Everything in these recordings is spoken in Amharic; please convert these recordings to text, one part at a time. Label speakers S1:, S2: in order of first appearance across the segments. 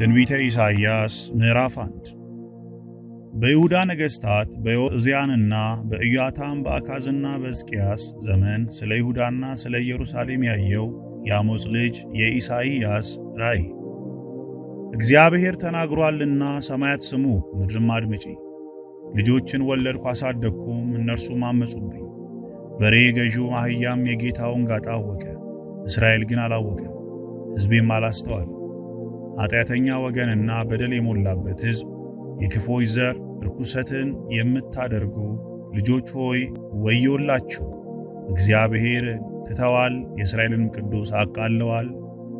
S1: ትንቢተ ኢሳይያስ ምዕራፍ 1 በይሁዳ ነገሥታት በዮዝያንና በኢያታም በአካዝና በሕዝቅያስ ዘመን ስለ ይሁዳና ስለ ኢየሩሳሌም ያየው የአሞጽ ልጅ የኢሳይያስ ራእይ። እግዚአብሔር ተናግሯልና ሰማያት ስሙ፣ ምድርም አድምጪ። ልጆችን ወለድኩ አሳደግኩም፣ እነርሱም አመጹብኝ። በሬ ገዢው አህያም የጌታውን ጋጣ አወቀ፣ እስራኤል ግን አላወቀም፣ ሕዝቤም አላስተዋል ኃጢአተኛ ወገንና በደል የሞላበት ሕዝብ፣ የክፎች ዘር፣ ርኩሰትን የምታደርጉ ልጆች ሆይ ወዮላችሁ! እግዚአብሔር ትተዋል፣ የእስራኤልንም ቅዱስ አቃለዋል፣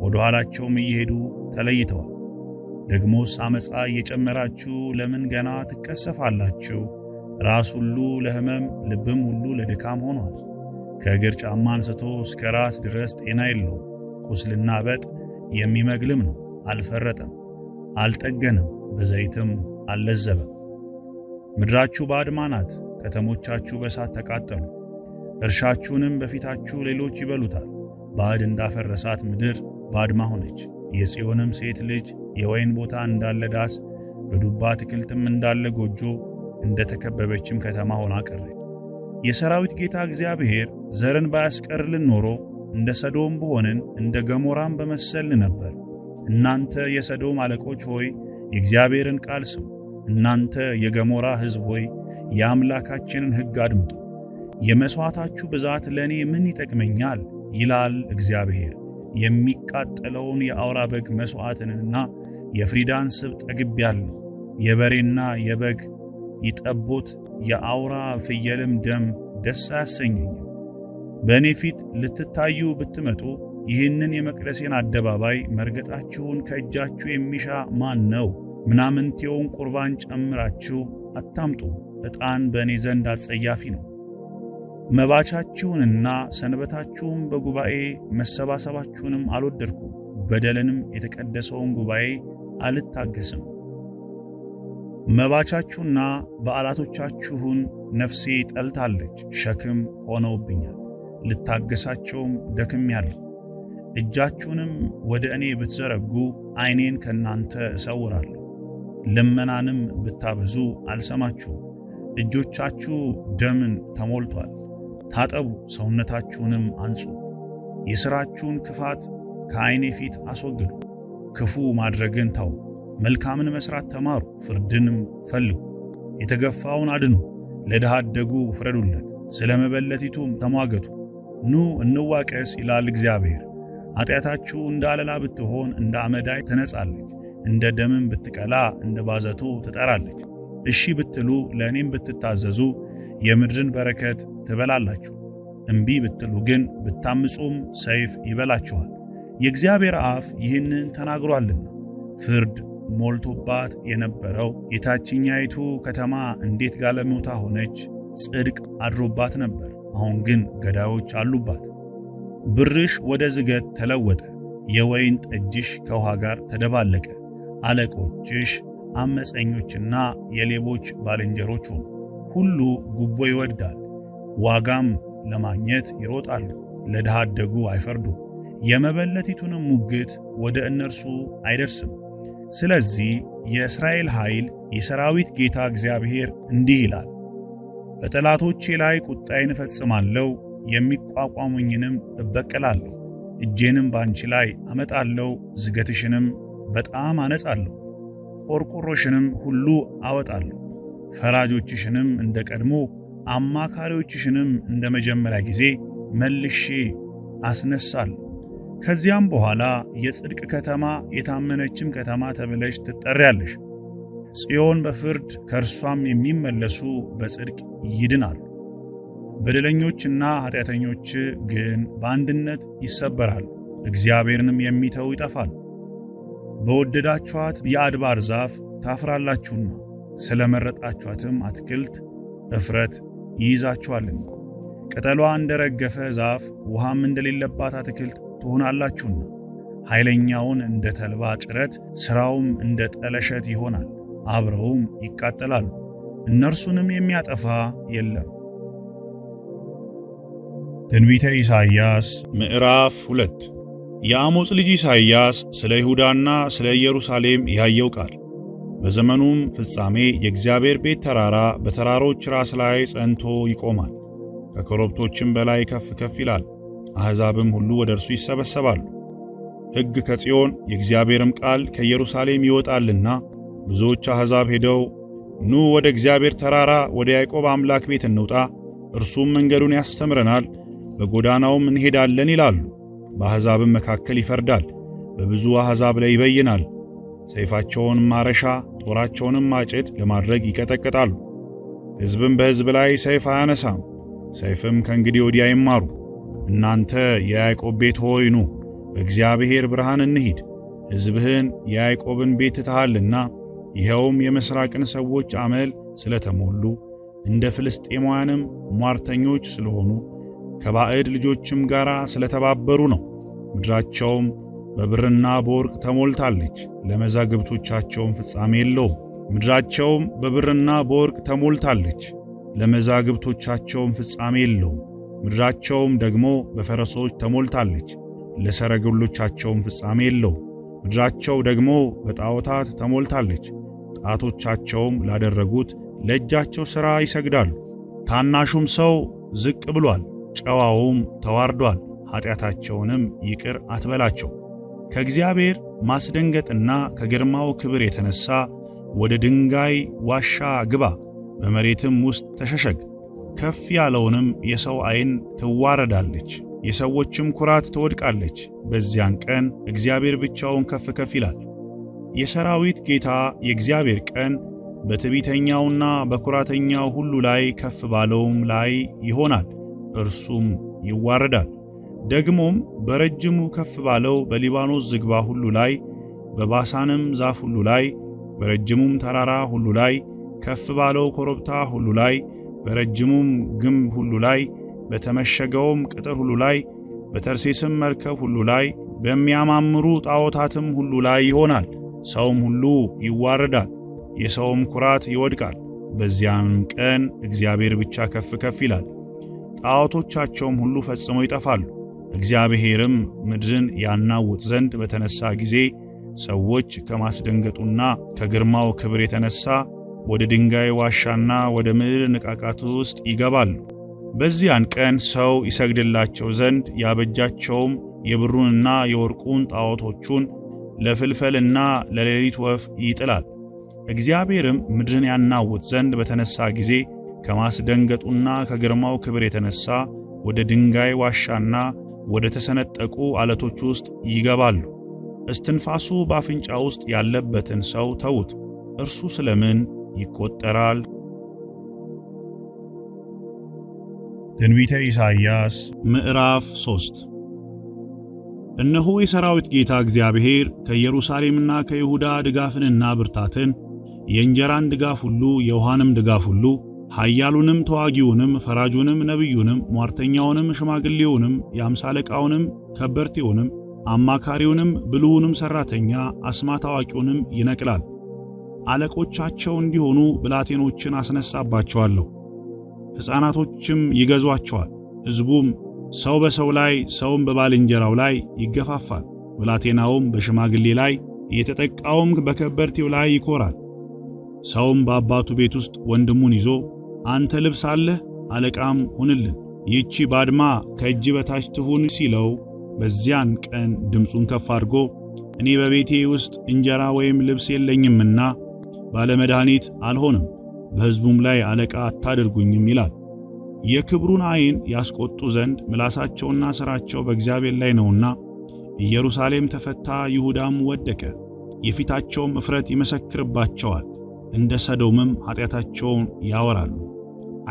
S1: ወደ ኋላቸውም እየሄዱ ተለይተዋል። ደግሞስ አመፃ እየጨመራችሁ ለምን ገና ትቀሰፋላችሁ? ራስ ሁሉ ለሕመም ልብም ሁሉ ለድካም ሆኗል። ከእግር ጫማ አንስቶ እስከ ራስ ድረስ ጤና የለው ቁስልና በጥ የሚመግልም ነው። አልፈረጠም፣ አልጠገነም፣ በዘይትም አልለዘበም። ምድራችሁ ባድማ ናት፣ ከተሞቻችሁ በሳት ተቃጠሉ። እርሻችሁንም በፊታችሁ ሌሎች ይበሉታል። ባዕድ እንዳፈረሳት ምድር ባድማ ሆነች። የጽዮንም ሴት ልጅ የወይን ቦታ እንዳለ ዳስ፣ በዱባ አትክልትም እንዳለ ጎጆ፣ እንደ ተከበበችም ከተማ ሆና ቀረች። የሰራዊት ጌታ እግዚአብሔር ዘርን ባያስቀርልን ኖሮ እንደ ሰዶም በሆንን እንደ ገሞራም በመሰልን ነበር። እናንተ የሰዶም አለቆች ሆይ የእግዚአብሔርን ቃል ስሙ፣ እናንተ የገሞራ ሕዝብ ሆይ የአምላካችንን ሕግ አድምጡ። የመሥዋዕታችሁ ብዛት ለእኔ ምን ይጠቅመኛል? ይላል እግዚአብሔር። የሚቃጠለውን የአውራ በግ መሥዋዕትንና የፍሪዳን ስብ ጠግቤያለሁ። የበሬና የበግ ይጠቦት የአውራ ፍየልም ደም ደስ አያሰኘኝም። በእኔ ፊት ልትታዩ ብትመጡ ይህንን የመቅደሴን አደባባይ መርገጣችሁን ከእጃችሁ የሚሻ ማን ነው? ምናምንቴውን ቁርባን ጨምራችሁ አታምጡ። ዕጣን በእኔ ዘንድ አጸያፊ ነው። መባቻችሁንና ሰንበታችሁን በጉባኤ መሰባሰባችሁንም አልወደድኩም። በደልንም የተቀደሰውን ጉባኤ አልታገስም። መባቻችሁና በዓላቶቻችሁን ነፍሴ ጠልታለች፣ ሸክም ሆነውብኛል፣ ልታገሳቸውም ደክሜያለሁ። እጃችሁንም ወደ እኔ ብትዘረጉ አይኔን ከእናንተ እሰውራለሁ። ልመናንም ብታበዙ አልሰማችሁም። እጆቻችሁ ደምን ተሞልቷል፣ ታጠቡ፣ ሰውነታችሁንም አንጹ። የሥራችሁን ክፋት ከዓይኔ ፊት አስወግዱ። ክፉ ማድረግን ተው፣ መልካምን መሥራት ተማሩ፣ ፍርድንም ፈልጉ። የተገፋውን አድኑ፣ ለድሃ አደጉ ፍረዱለት፣ ስለ መበለቲቱም ተሟገቱ። ኑ እንዋቀስ ይላል እግዚአብሔር። ኃጢአታችሁ እንደ አለላ ብትሆን እንደ አመዳይ ትነጻለች፣ እንደ ደምም ብትቀላ እንደ ባዘቶ ትጠራለች። እሺ ብትሉ ለእኔም ብትታዘዙ የምድርን በረከት ትበላላችሁ። እምቢ ብትሉ ግን ብታምፁም ሰይፍ ይበላችኋል። የእግዚአብሔር አፍ ይህንን ተናግሯልና። ፍርድ ሞልቶባት የነበረው የታችኛይቱ ከተማ እንዴት ጋለሞታ ሆነች! ጽድቅ አድሮባት ነበር፣ አሁን ግን ገዳዮች አሉባት። ብርሽ ወደ ዝገት ተለወጠ፣ የወይን ጠጅሽ ከውሃ ጋር ተደባለቀ። አለቆችሽ አመፀኞችና የሌቦች ባልንጀሮች ሆኑ። ሁሉ ጉቦ ይወዳል፣ ዋጋም ለማግኘት ይሮጣሉ። ለድሃ አደጉ አይፈርዱም፣ የመበለቲቱንም ሙግት ወደ እነርሱ አይደርስም። ስለዚህ የእስራኤል ኃይል የሰራዊት ጌታ እግዚአብሔር እንዲህ ይላል፣ በጠላቶቼ ላይ ቁጣዬን እፈጽማለሁ የሚቋቋሙኝንም እበቀላለሁ። እጄንም ባንቺ ላይ አመጣለሁ፣ ዝገትሽንም በጣም አነጻለሁ፣ ቆርቆሮሽንም ሁሉ አወጣለሁ። ፈራጆችሽንም እንደ ቀድሞ አማካሪዎችሽንም እንደ መጀመሪያ ጊዜ መልሼ አስነሳለሁ። ከዚያም በኋላ የጽድቅ ከተማ የታመነችም ከተማ ተብለሽ ትጠሪያለሽ። ጽዮን በፍርድ ከእርሷም የሚመለሱ በጽድቅ ይድናሉ። በደለኞችና ኃጢአተኞች ግን በአንድነት ይሰበራል። እግዚአብሔርንም የሚተው ይጠፋል። በወደዳችኋት የአድባር ዛፍ ታፍራላችሁና ስለ መረጣችኋትም አትክልት እፍረት ይይዛችኋልና ቅጠሏ እንደ ረገፈ ዛፍ ውሃም እንደሌለባት አትክልት ትሆናላችሁና ኃይለኛውን እንደ ተልባ ጭረት ሥራውም እንደ ጠለሸት ይሆናል፣ አብረውም ይቃጠላሉ፣ እነርሱንም የሚያጠፋ የለም። ትንቢተ ኢሳይያስ ምዕራፍ ሁለት የአሞጽ ልጅ ኢሳይያስ ስለ ይሁዳና ስለ ኢየሩሳሌም ያየው ቃል። በዘመኑም ፍጻሜ የእግዚአብሔር ቤት ተራራ በተራሮች ራስ ላይ ጸንቶ ይቆማል፣ ከኮረብቶችም በላይ ከፍ ከፍ ይላል። አሕዛብም ሁሉ ወደ እርሱ ይሰበሰባሉ። ሕግ ከጽዮን የእግዚአብሔርም ቃል ከኢየሩሳሌም ይወጣልና ብዙዎች አሕዛብ ሄደው ኑ ወደ እግዚአብሔር ተራራ ወደ ያዕቆብ አምላክ ቤት እንውጣ፣ እርሱም መንገዱን ያስተምረናል በጎዳናውም እንሄዳለን ይላሉ። በአሕዛብም መካከል ይፈርዳል፣ በብዙ አሕዛብ ላይ ይበይናል። ሰይፋቸውን ማረሻ ጦራቸውንም ማጭድ ለማድረግ ይቀጠቅጣሉ። ሕዝብም በሕዝብ ላይ ሰይፍ አያነሳም፣ ሰይፍም ከእንግዲህ ወዲህ አይማሩ። እናንተ የያዕቆብ ቤት ሆይ ኑ፣ በእግዚአብሔር ብርሃን እንሂድ። ሕዝብህን የያዕቆብን ቤት ትተሃልና፣ ይኸውም የምሥራቅን ሰዎች አመል ስለተሞሉ እንደ ፍልስጤማውያንም ሟርተኞች ስለሆኑ ከባዕድ ልጆችም ጋር ስለተባበሩ ነው። ምድራቸውም በብርና በወርቅ ተሞልታለች፣ ለመዛግብቶቻቸውም ፍጻሜ የለውም። ምድራቸውም በብርና በወርቅ ተሞልታለች፣ ለመዛግብቶቻቸውም ፍጻሜ የለውም። ምድራቸውም ደግሞ በፈረሶች ተሞልታለች፣ ለሰረገሎቻቸውም ፍጻሜ የለውም። ምድራቸው ደግሞ በጣዖታት ተሞልታለች፣ ጣቶቻቸውም ላደረጉት ለእጃቸው ሥራ ይሰግዳሉ። ታናሹም ሰው ዝቅ ብሏል ጨዋውም ተዋርዷል፣ ኀጢአታቸውንም ይቅር አትበላቸው። ከእግዚአብሔር ማስደንገጥና ከግርማው ክብር የተነሣ ወደ ድንጋይ ዋሻ ግባ፣ በመሬትም ውስጥ ተሸሸግ። ከፍ ያለውንም የሰው ዐይን ትዋረዳለች፣ የሰዎችም ኩራት ትወድቃለች። በዚያን ቀን እግዚአብሔር ብቻውን ከፍ ከፍ ይላል። የሰራዊት ጌታ የእግዚአብሔር ቀን በትዕቢተኛውና በኩራተኛው ሁሉ ላይ ከፍ ባለውም ላይ ይሆናል። እርሱም ይዋረዳል። ደግሞም በረጅሙ ከፍ ባለው በሊባኖስ ዝግባ ሁሉ ላይ በባሳንም ዛፍ ሁሉ ላይ በረጅሙም ተራራ ሁሉ ላይ ከፍ ባለው ኮረብታ ሁሉ ላይ በረጅሙም ግንብ ሁሉ ላይ በተመሸገውም ቅጥር ሁሉ ላይ በተርሴስም መርከብ ሁሉ ላይ በሚያማምሩ ጣዖታትም ሁሉ ላይ ይሆናል። ሰውም ሁሉ ይዋረዳል፣ የሰውም ኩራት ይወድቃል። በዚያም ቀን እግዚአብሔር ብቻ ከፍ ከፍ ይላል። ጣዖቶቻቸውም ሁሉ ፈጽመው ይጠፋሉ። እግዚአብሔርም ምድርን ያናውጥ ዘንድ በተነሳ ጊዜ ሰዎች ከማስደንገጡና ከግርማው ክብር የተነሳ ወደ ድንጋይ ዋሻና ወደ ምድር ንቃቃት ውስጥ ይገባሉ። በዚያን ቀን ሰው ይሰግድላቸው ዘንድ ያበጃቸውም የብሩንና የወርቁን ጣዖቶቹን ለፍልፈልና ለሌሊት ወፍ ይጥላል። እግዚአብሔርም ምድርን ያናውጥ ዘንድ በተነሳ ጊዜ ከማስደንገጡና ከግርማው ክብር የተነሳ ወደ ድንጋይ ዋሻና ወደ ተሰነጠቁ ዓለቶች ውስጥ ይገባሉ። እስትንፋሱ በአፍንጫ ውስጥ ያለበትን ሰው ተዉት። እርሱ ስለምን ይቆጠራል? ትንቢተ ኢሳይያስ ምዕራፍ 3 እነሆ የሰራዊት ጌታ እግዚአብሔር ከኢየሩሳሌምና ከይሁዳ ድጋፍንና ብርታትን የእንጀራን ድጋፍ ሁሉ የውሃንም ድጋፍ ሁሉ ኃያሉንም ተዋጊውንም ፈራጁንም ነቢዩንም ሟርተኛውንም ሽማግሌውንም የአምሳ አለቃውንም ከበርቴውንም አማካሪውንም ብልሁንም ሠራተኛ አስማ ታዋቂውንም ይነቅላል። አለቆቻቸው እንዲሆኑ ብላቴኖችን አስነሳባቸዋለሁ፣ ሕፃናቶችም ይገዟቸዋል። ሕዝቡም ሰው በሰው ላይ ሰውም በባልንጀራው ላይ ይገፋፋል። ብላቴናውም በሽማግሌ ላይ የተጠቃውም በከበርቴው ላይ ይኮራል። ሰውም በአባቱ ቤት ውስጥ ወንድሙን ይዞ አንተ ልብስ አለህ አለቃም ሁንልን፣ ይቺ ባድማ ከእጅ በታች ትሁን ሲለው በዚያን ቀን ድምፁን ከፍ አድርጎ እኔ በቤቴ ውስጥ እንጀራ ወይም ልብስ የለኝምና ባለመድኃኒት አልሆንም፣ በሕዝቡም ላይ አለቃ አታደርጉኝም ይላል። የክብሩን አይን ያስቆጡ ዘንድ ምላሳቸውና ሥራቸው በእግዚአብሔር ላይ ነውና ኢየሩሳሌም ተፈታ፣ ይሁዳም ወደቀ። የፊታቸውም እፍረት ይመሰክርባቸዋል። እንደ ሰዶምም ኃጢአታቸውን ያወራሉ፣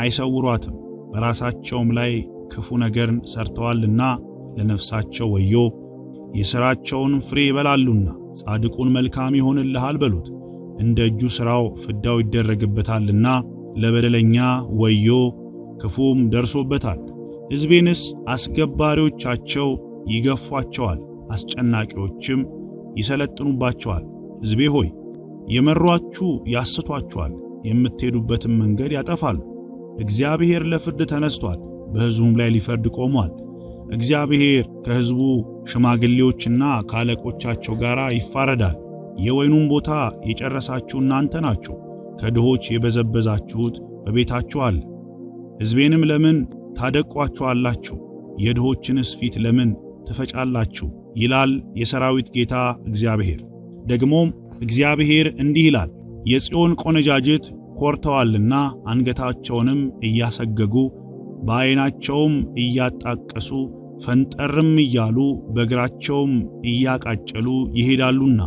S1: አይሰውሯትም። በራሳቸውም ላይ ክፉ ነገርን ሰርተዋልና ለነፍሳቸው ወዮ፣ የሥራቸውን ፍሬ ይበላሉና። ጻድቁን መልካም ይሆንልሃል በሉት፣ እንደ እጁ ሥራው ፍዳው ይደረግበታልና። ለበደለኛ ወዮ፣ ክፉም ደርሶበታል። ሕዝቤንስ አስገባሪዎቻቸው ይገፏቸዋል፣ አስጨናቂዎችም ይሰለጥኑባቸዋል። ሕዝቤ ሆይ የመሯችሁ ያስቷችኋል፣ የምትሄዱበትን መንገድ ያጠፋሉ። እግዚአብሔር ለፍርድ ተነስቷል፣ በሕዝቡም ላይ ሊፈርድ ቆሟል። እግዚአብሔር ከሕዝቡ ሽማግሌዎችና ከአለቆቻቸው ጋር ይፋረዳል። የወይኑን ቦታ የጨረሳችሁ እናንተ ናችሁ፣ ከድሆች የበዘበዛችሁት በቤታችሁ አለ። ሕዝቤንም ለምን ታደቋችኋላችሁ? የድሆችንስ ፊት ለምን ትፈጫላችሁ? ይላል የሰራዊት ጌታ እግዚአብሔር። ደግሞም እግዚአብሔር እንዲህ ይላል፣ የጽዮን ቆነጃጅት ኮርተዋልና አንገታቸውንም እያሰገጉ በዐይናቸውም እያጣቀሱ ፈንጠርም እያሉ በእግራቸውም እያቃጨሉ ይሄዳሉና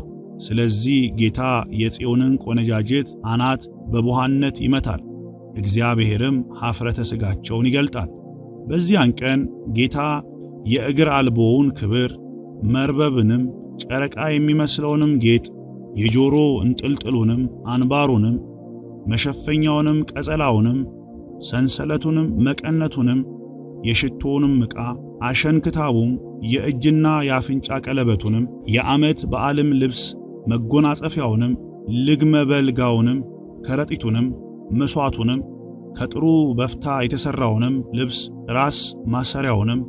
S1: ስለዚህ ጌታ የጽዮንን ቆነጃጅት አናት በቡሃነት ይመታል፣ እግዚአብሔርም ኀፍረተ ሥጋቸውን ይገልጣል። በዚያን ቀን ጌታ የእግር አልቦውን ክብር መርበብንም ጨረቃ የሚመስለውንም ጌጥ የጆሮ እንጥልጥሉንም አንባሩንም መሸፈኛውንም ቀጸላውንም ሰንሰለቱንም መቀነቱንም የሽቶውንም ዕቃ አሸንክታቡም የእጅና የአፍንጫ ቀለበቱንም የዓመት በዓልም ልብስ መጎናጸፊያውንም ልግመ በልጋውንም ከረጢቱንም መስዋቱንም ከጥሩ በፍታ የተሠራውንም ልብስ ራስ ማሰሪያውንም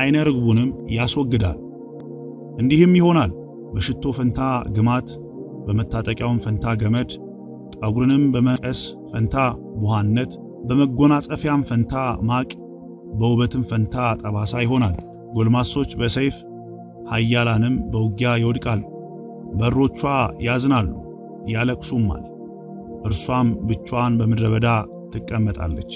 S1: ዐይነ ርግቡንም ያስወግዳል። እንዲህም ይሆናል በሽቶ ፈንታ ግማት በመታጠቂያውም ፈንታ ገመድ፣ ጠጉርንም በመቀስ ፈንታ ቡሃነት፣ በመጎናጸፊያም ፈንታ ማቅ፣ በውበትም ፈንታ ጠባሳ ይሆናል። ጎልማሶች በሰይፍ ኃያላንም በውጊያ ይወድቃሉ። በሮቿ ያዝናሉ ያለቅሱማል። እርሷም ብቻዋን በምድረ በዳ ትቀመጣለች።